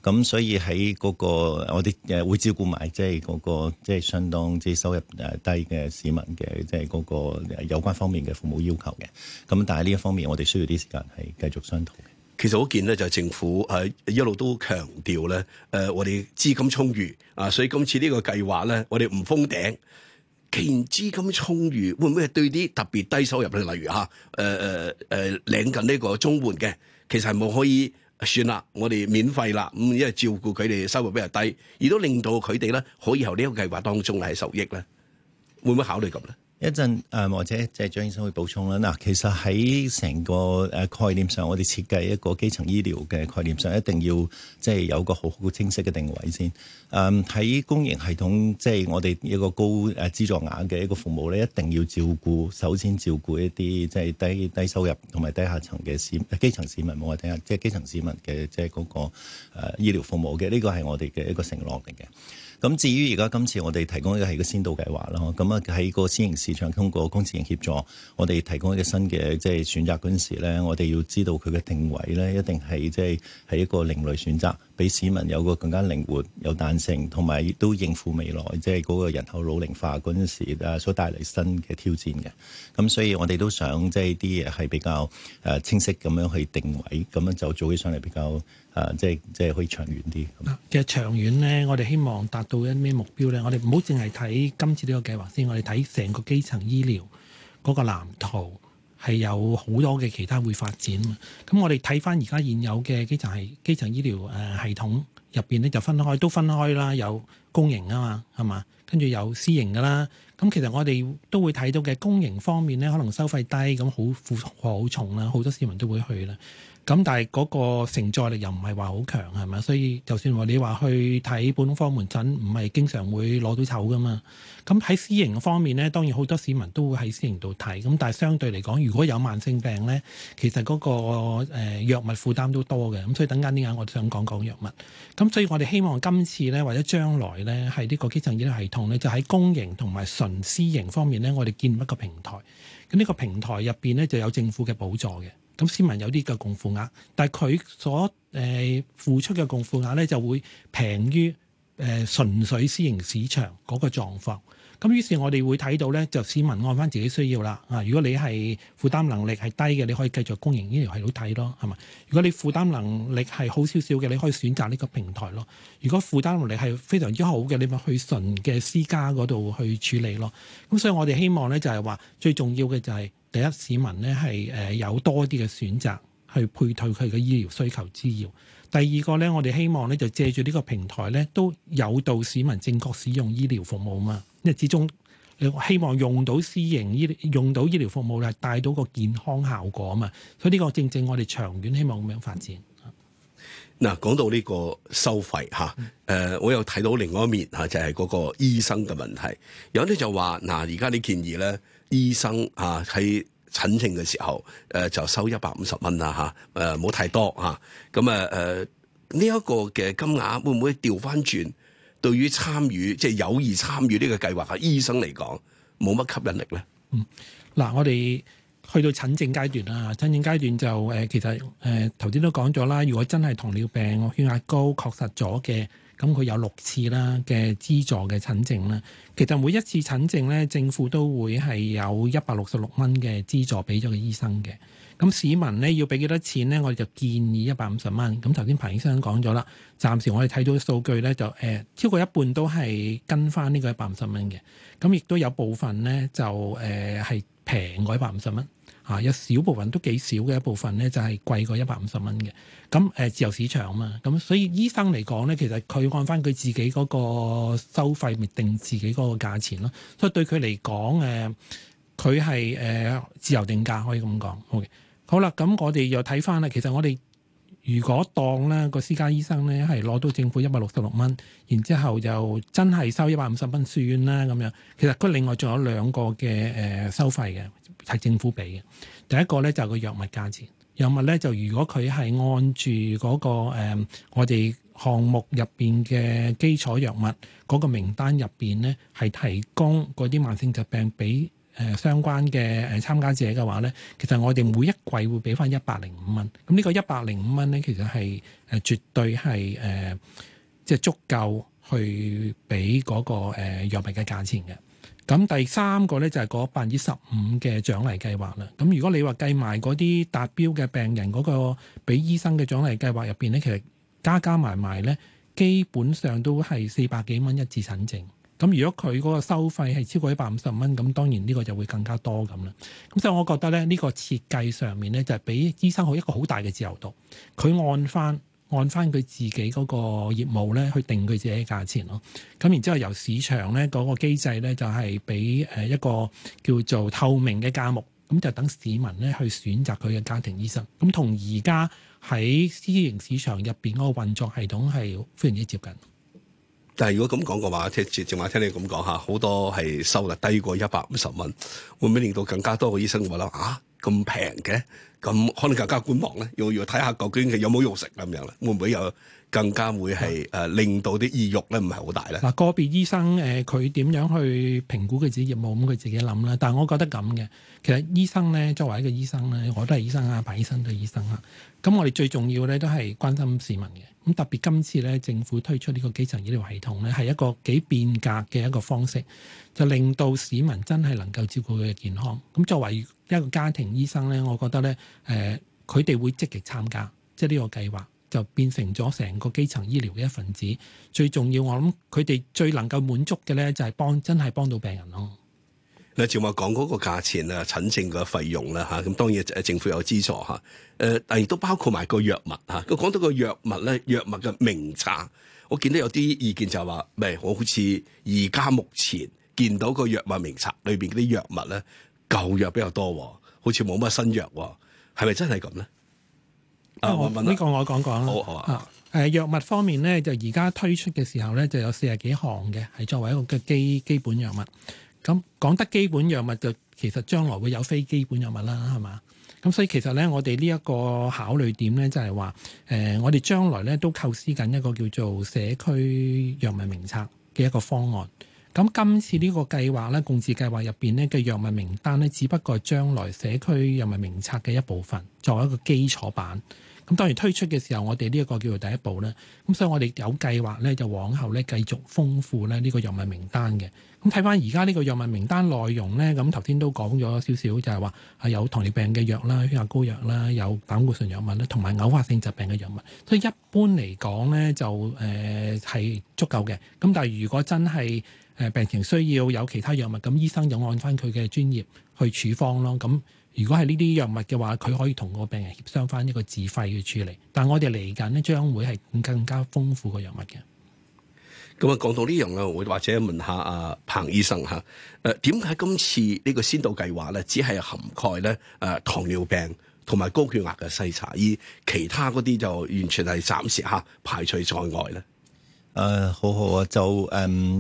咁所以喺嗰、那個我哋誒會照顧埋即係嗰、那個即係相當即係收入誒低嘅市民嘅，即係嗰、那個有關方面嘅服務要求嘅。咁但係呢一方面，我哋需要啲時間係繼續商討。其實我見咧，就政府誒一路都強調咧，誒我哋資金充裕啊，所以今次呢個計劃咧，我哋唔封頂。既然資金充裕，會唔會係對啲特別低收入嘅，例如吓，誒誒誒領緊呢個綜援嘅，其實係冇可以算啦，我哋免費啦，咁因為照顧佢哋收入比較低，而都令到佢哋咧可以由呢個計劃當中係受益咧，會唔會考慮咁咧？一陣誒，或者即係張醫生會補充啦。嗱，其實喺成個誒概念上，我哋設計一個基層醫療嘅概念上，一定要即係有個好好清晰嘅定位先。誒、嗯、喺公營系統，即係我哋一個高誒資助額嘅一個服務咧，一定要照顧首先照顧一啲即係低低收入同埋低下層嘅市基層市民，冇話低下即係基層市民嘅即係嗰個誒醫療服務嘅。呢個係我哋嘅一個承諾嚟嘅。咁至於而家今次我哋提供嘅係個先導計劃囉，咁喺個先行市場通過公私營協作，我哋提供一個新嘅即係選擇嗰時候，我哋要知道佢嘅定位，一定係係、即係、係一個另類選擇。俾市民有個更加靈活、有彈性，同埋亦都應付未來，即係嗰個人口老齡化嗰陣時所帶嚟新嘅挑戰嘅。咁所以，我哋都想即係啲嘢係比較誒清晰咁樣去定位，咁樣就做起上嚟比較誒，即係即係可以長遠啲。其實長遠咧，我哋希望達到一咩目標咧？我哋唔好淨係睇今次呢個計劃先，我哋睇成個基層醫療嗰個藍圖。係有好多嘅其他會發展，咁我哋睇翻而家現有嘅基層係基層醫療、呃、系統入面，咧，就分開都分開啦，有公營啊嘛，係嘛，跟住有私營噶啦，咁其實我哋都會睇到嘅公營方面咧，可能收費低，咁好負荷好重啦，好多市民都會去啦。咁但係嗰個承載力又唔係話好強係咪？所以就算話你話去睇本科門診，唔係經常會攞到籌噶嘛。咁喺私營方面咧，當然好多市民都會喺私營度睇。咁但係相對嚟講，如果有慢性病咧，其實嗰個誒藥物負擔都多嘅。咁所以等間呢，眼，我想講講藥物。咁所以我哋希望今次咧或者將來咧，喺呢個基層醫療系統咧，就喺公營同埋純私營方面咧，我哋建立一個平台。咁呢個平台入面咧就有政府嘅補助嘅。咁市民有啲嘅共付額，但係佢所、呃、付出嘅共付額咧就會平於、呃、純粹私營市場嗰個狀況。咁於是，我哋會睇到咧，就市民按翻自己需要啦。啊，如果你係負擔能力係低嘅，你可以繼續公營醫療係度睇咯，係咪？如果你負擔能力係好少少嘅，你可以選擇呢個平台咯。如果負擔能力係非常之好嘅，你咪去純嘅私家嗰度去處理咯。咁所以我哋希望咧，就係、是、話最重要嘅就係、是。第一，市民咧係誒有多啲嘅選擇去配對佢嘅醫療需求之要。第二個咧，我哋希望咧就借住呢個平台咧，都有助市民正確使用醫療服務嘛。因為始終希望用到私營醫用到醫療服務咧，帶到個健康效果嘛。所以呢個正正我哋長遠希望咁樣發展。嗱，講到呢個收費嚇，誒，我又睇到另外一面嚇，就係嗰個醫生嘅問題。有啲就話嗱，而家啲建議咧。醫生啊，喺診症嘅時候，誒就收一百五十蚊啦，嚇，誒冇太多嚇。咁啊，誒呢一個嘅金額會唔會調翻轉？對於參與即係、就是、有意參與呢個計劃嘅醫生嚟講，冇乜吸引力咧。嗯，嗱，我哋去到診症階段啦，診症階段就誒，其實誒頭先都講咗啦，如果真係糖尿病、血壓高確實咗嘅。咁佢有六次啦嘅資助嘅診症啦，其實每一次診症咧，政府都會係有一百六十六蚊嘅資助俾咗個醫生嘅。咁市民咧要俾幾多錢咧？我哋就建議一百五十蚊。咁頭先彭醫生講咗啦，暫時我哋睇到數據咧，就誒超過一半都係跟翻呢個一百五十蚊嘅，咁亦都有部分咧就誒係平過一百五十蚊。啊，有少部分都幾少嘅一部分咧，就係、是、貴過一百五十蚊嘅。咁誒、呃，自由市場啊嘛，咁所以醫生嚟講咧，其實佢按翻佢自己嗰個收費嚟定自己嗰個價錢咯。所以對佢嚟講，誒、呃，佢係誒自由定價，可以咁講。好嘅，好啦，咁我哋又睇翻啦。其實我哋。如果當咧個私家醫生咧係攞到政府一百六十六蚊，然之後就真係收一百五十蚊算啦咁樣。其實佢另外仲有兩個嘅誒收費嘅係政府俾嘅。第一個咧就係個藥物價錢，藥物咧就如果佢係按住嗰個、誒、我哋項目入邊嘅基礎藥物嗰個名單入邊咧係提供嗰啲慢性疾病俾。誒、呃、相關嘅誒參加者嘅話咧，其實我哋每一季會俾翻一百零五蚊，咁、嗯、這個、呢個一百零五蚊咧，其實係誒、呃、絕對係誒、呃、即係足夠去俾嗰、那個誒藥物嘅價錢嘅。咁、嗯、第三個咧就係嗰百分之十五嘅獎勵計劃啦。咁、嗯、如果你話計埋嗰啲達標嘅病人嗰、那個俾醫生嘅獎勵計劃入邊咧，其實加加埋埋咧，基本上都係四百幾蚊一次診症。咁如果佢嗰個收費係超過一百五十蚊，咁當然呢個就會更加多咁啦。咁所以我覺得咧，呢個設計上面咧，就係俾醫生好一個好大嘅自由度，佢按翻按翻佢自己嗰個業務咧去定佢自己嘅價錢咯。咁然之後由市場咧嗰個機制咧，就係俾誒一個叫做透明嘅價目，咁就等市民咧去選擇佢嘅家庭醫生。咁同而家喺私營市場入邊個運作系統係非常之接近。但係如果咁講嘅話，聽正話聽你咁講嚇，好多係收入低過一百五十蚊，會唔會令到更加多嘅醫生話啦？咁平嘅，咁、啊、可能更加觀望咧，要要睇下究竟佢有冇肉食咁樣啦，會唔會又更加會係誒、啊、令到啲意欲咧唔係好大咧？嗱，個別醫生佢點、呃、樣去評估佢自己業務，咁佢自己諗啦，但係我覺得咁嘅，其實醫生咧作為一個醫生咧，我都係醫生啊，擺醫生都係醫生啦，咁我哋最重要咧都係關心市民嘅。咁特別今次咧，政府推出呢個基層醫療系統咧，係一個幾變革嘅一個方式，就令到市民真係能夠照顧佢嘅健康。咁作為一個家庭醫生咧，我覺得咧，誒佢哋會積極參加，即係呢個計劃就變成咗成個基層醫療嘅一份子。最重要，我諗佢哋最能夠滿足嘅咧，就係幫真係幫到病人咯。嗱，前面講嗰個價錢啦、診症嘅費用啦嚇，咁當然誒政府有資助嚇，誒，但亦都包括埋個藥物嚇。佢講到個藥物咧，藥物嘅名冊，我見到有啲意見就話，喂，我好似而家目前見到個藥物名冊裏邊嗰啲藥物咧，舊藥比較多，好似冇乜新藥，係咪真係咁咧？啊，我問呢個我講講啦，好啊，誒藥物方面咧，就而家推出嘅時候咧，就有四十幾項嘅，係作為一個嘅基基本藥物。咁講得基本藥物就其實將來會有非基本藥物啦，係嘛？咁所以其實咧，我哋呢一個考慮點咧，就係話，呃，我哋將來咧都構思緊一個叫做社區藥物名冊嘅一個方案。咁今次呢個計劃咧，共治計劃入邊咧嘅藥物名單咧，只不過係將來社區藥物名冊嘅一部分，作為一個基礎版。咁當然推出嘅時候，我哋呢一個叫做第一步啦。咁所以我哋有計劃咧，就往後咧繼續豐富咧呢個藥物名單嘅。咁睇翻而家呢個藥物名單內容呢，咁頭先都講咗少少，就係話係有糖尿病嘅藥啦、血壓高藥啦、有膽固醇藥物啦，同埋偶發性疾病嘅藥物。所以一般嚟講呢，就誒係足夠嘅。咁但係如果真係誒病情需要有其他藥物，咁醫生就按翻佢嘅專業去處方咯。咁。如果係呢啲藥物嘅話，佢可以同個病人協商翻一個自費嘅處理。但我哋嚟緊咧，將會係更加豐富嘅藥物嘅。咁、嗯、啊，講到呢樣咧，我或者問，問下阿彭醫生嚇。誒，點解今次呢個先導計劃咧，只係涵蓋咧誒糖尿病同埋高血壓嘅篩查，而其他嗰啲就完全係暫時嚇排除在外咧？誒、啊、好好啊，就誒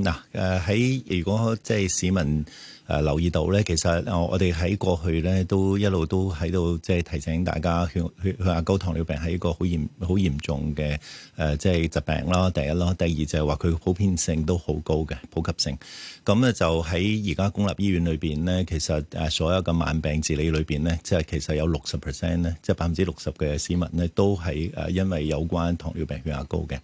嗱誒喺如果即係市民誒、啊、留意到咧，其實我我哋喺過去咧都一路都喺度即係提醒大家血血血壓高糖尿病係一個好嚴好嚴重嘅誒、啊、即係疾病啦，第一啦第,第二就係話佢普遍性都好高嘅普及性。咁咧就喺而家公立醫院裏邊咧，其實誒、啊、所有嘅慢病治理裏邊咧，即係其實有六十 percent 咧，即係百分之六十嘅市民咧都係誒因為有關糖尿病血壓高嘅，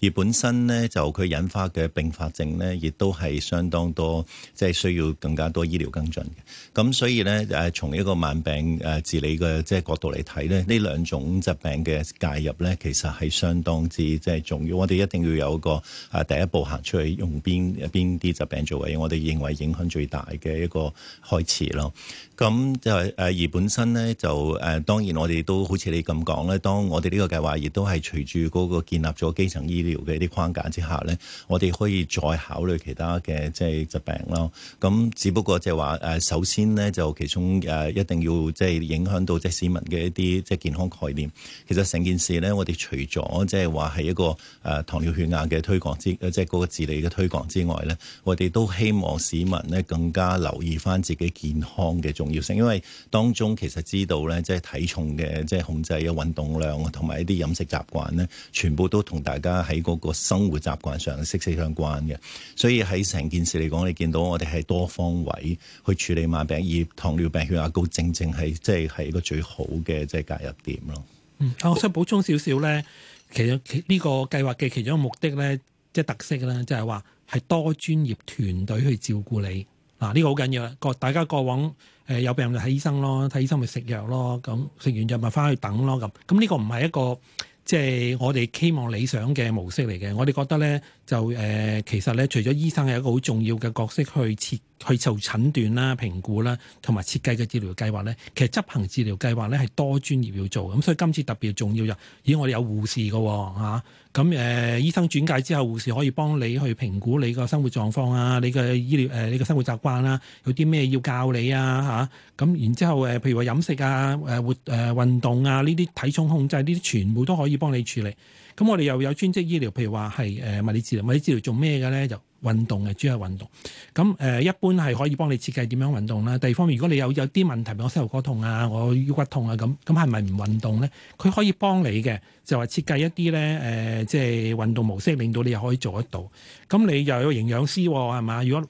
而本身咧。咧就佢引發嘅併發症咧，亦都係相當多，即係需要更加多醫療跟進嘅。咁所以咧，誒，從一個慢病誒治理嘅即係角度嚟睇咧，呢兩種疾病嘅介入咧，其實係相當之即係重要。我哋一定要有個誒第一步行出去用哪，用邊邊啲疾病作為我哋認為影響最大嘅一個開始咯。咁就係，誒而本身咧就誒當然我哋都好似你咁講咧，當我哋呢個計劃亦都係隨住嗰個建立咗基層醫療嘅一啲框架之下咧，我哋可以再考慮其他嘅即係疾病咯。咁只不過，即係話誒首先咧就其中誒一定要即係影響到即係市民嘅一啲即係健康概念。其實成件事咧，我哋除咗即係話係一個誒糖尿血壓嘅推廣之，即係嗰個治理嘅推廣之外咧，我哋都希望市民咧更加留意翻自己健康嘅重要性，因為當中其實知道咧，即係體重嘅，即係控制嘅運動量，啊同埋一啲飲食習慣咧，全部都同大家喺嗰個生活習慣上息息相關嘅。所以喺成件事嚟講，你見到我哋係多方位去處理慢病，而糖尿病、血壓高，正正係即係係一個最好嘅即係介入點咯。嗯，我想補充少少咧，其實呢個計劃嘅其中一個目的咧，即係特色啦，就係話，係多專業團隊去照顧你。嗱、這個，呢個好緊要啦。過大家過往誒有病就睇醫生咯，睇醫生咪食藥咯，咁食完藥咪翻去等咯咁。咁、這、呢個唔係一個即係、就是、我哋希望理想嘅模式嚟嘅。我哋覺得咧就誒、呃，其實咧除咗醫生係一個好重要嘅角色去設去做診斷啦、評估啦，同埋設計嘅治療計劃咧，其實執行治療計劃咧係多專業要做。咁所以今次特別重要就，咦我哋有護士㗎吓。啊咁誒、呃，醫生轉介之後，護士可以幫你去評估你個生活狀況啊，你嘅醫療、呃、你嘅生活習慣啊、有啲咩要教你啊嚇。咁然之後、呃、譬如話飲食啊，呃、活誒、呃、運動啊，呢啲體重控制呢啲，全部都可以幫你處理。咁我哋又有專職醫療，譬如話係、呃、物理治療，物理治療做咩嘅咧就？運動嘅主要係運動，咁誒、呃、一般係可以幫你設計點樣運動啦。第二方面，如果你有有啲問題，如我膝頭哥痛啊，我腰骨痛啊，咁咁係咪唔運動咧？佢可以幫你嘅，就話設計一啲咧誒，即係運動模式，令到你又可以做得到。咁你又有營養師喎、哦，係嘛？如果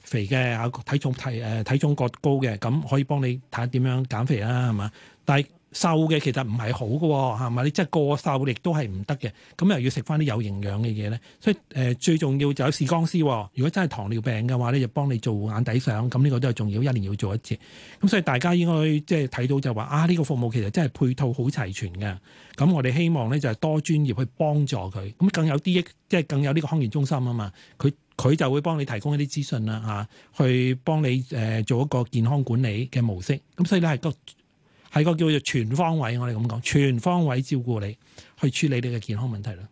肥嘅啊體重提誒體，體重過高嘅，咁可以幫你睇下點樣減肥啦，係嘛？但係，瘦嘅其實唔係好㗎，係咪？你即係過瘦亦都係唔得嘅，咁又要食翻啲有營養嘅嘢咧。所以、呃、最重要就有視光師、哦。如果真係糖尿病嘅話咧，就幫你做眼底相。咁呢個都係重要，一年要做一次。咁所以大家應該即係睇到就話啊，呢、呢個服務其實真係配套好齊全嘅。咁我哋希望咧就係、是、多專業去幫助佢。咁更有啲益，即係更有呢個康健中心啊嘛。佢佢就會幫你提供一啲資訊啦，去幫你、呃、做一個健康管理嘅模式。咁所以咧係係個叫做全方位，我哋咁講，全方位照顧你，去處理你嘅健康問題啦。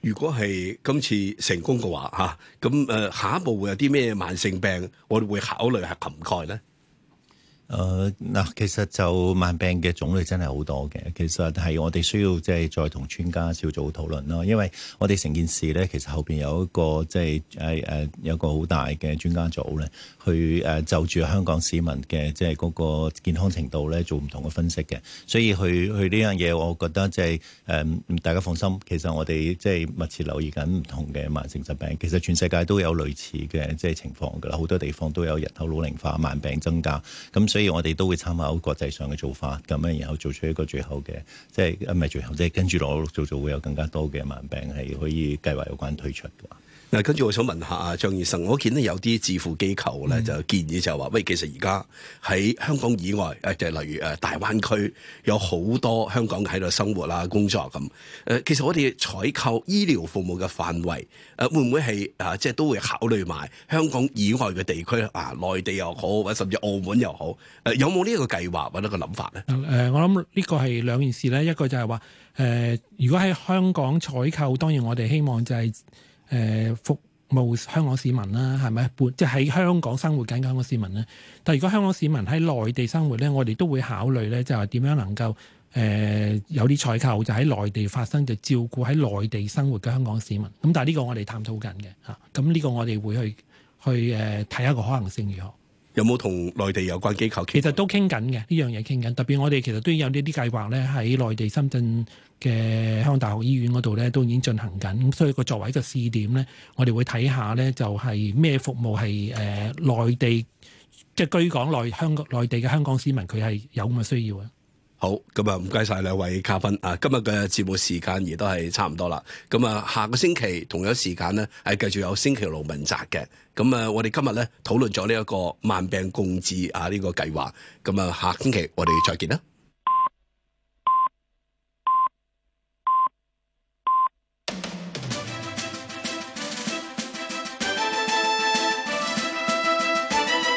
如果係今次成功嘅話，嚇咁誒，下一步會有啲咩慢性病，我哋會考慮下涵蓋咧？誒、呃、嗱，其實就慢病嘅種類真係好多嘅，其實係我哋需要即係再同專家小組討論咯。因為我哋成件事咧，其實後邊有一個即係誒誒有個好大嘅專家組咧，去誒就住香港市民嘅即係嗰個健康程度咧做唔同嘅分析嘅。所以去去呢樣嘢，我覺得即係誒大家放心。其實我哋即係密切留意緊唔同嘅慢性疾病，其實全世界都有類似嘅即係情況㗎啦。好多地方都有人口老齡化、慢病增加，咁所以。我哋都會參考國際上嘅做法，咁樣然後做出一個最後嘅，即係唔係最後，即係跟住落去陸續，會有更加多嘅慢病係可以計劃有關推出嘅。嗱、啊，跟住我想問一下啊，張醫生，我見咧有啲自負機構咧就建議就係話，喂，其實而家喺香港以外，誒、呃，就係例如誒、呃、大灣區有好多香港喺度生活啦、啊、工作咁、啊。誒、呃，其實我哋採購醫療服務嘅範圍誒、呃，會唔會係啊？即、就、係、是、都會考慮埋香港以外嘅地區啊，內地又好，或者甚至澳門又好，呃、有冇呢個個計劃或者個諗法咧？誒、呃，我諗呢個係兩件事咧，一個就係話誒，如果喺香港採購，當然我哋希望就係、是。誒、呃、服務香港市民啦，係咪？即係喺香港生活緊香港市民呢？但如果香港市民喺內地生活呢，我哋都會考慮呢，就係點樣能夠誒、呃、有啲採購就喺內地發生，就照顧喺內地生活嘅香港市民。咁但係呢個我哋探討緊嘅吓。咁呢個我哋會去去誒睇、呃、一個可能性如何。有冇同內地有關機構？其實都傾緊嘅，呢樣嘢傾緊，特別我哋其實都有呢啲計劃咧，喺內地深圳嘅香港大學醫院嗰度咧，都已經進行緊。咁所以個作為一個試點咧，我哋會睇下咧，就係咩服務係誒內地即係居港內香港內地嘅香港市民，佢係有咁嘅需要啊。好，咁啊唔該晒兩位嘉賓啊，今日嘅節目時間亦都係差唔多啦。咁啊，下個星期同樣時間咧，係繼續有星期六問責嘅。咁啊，我哋今日咧討論咗呢一個慢病共治啊呢個計劃。咁啊，下星期我哋再見啦。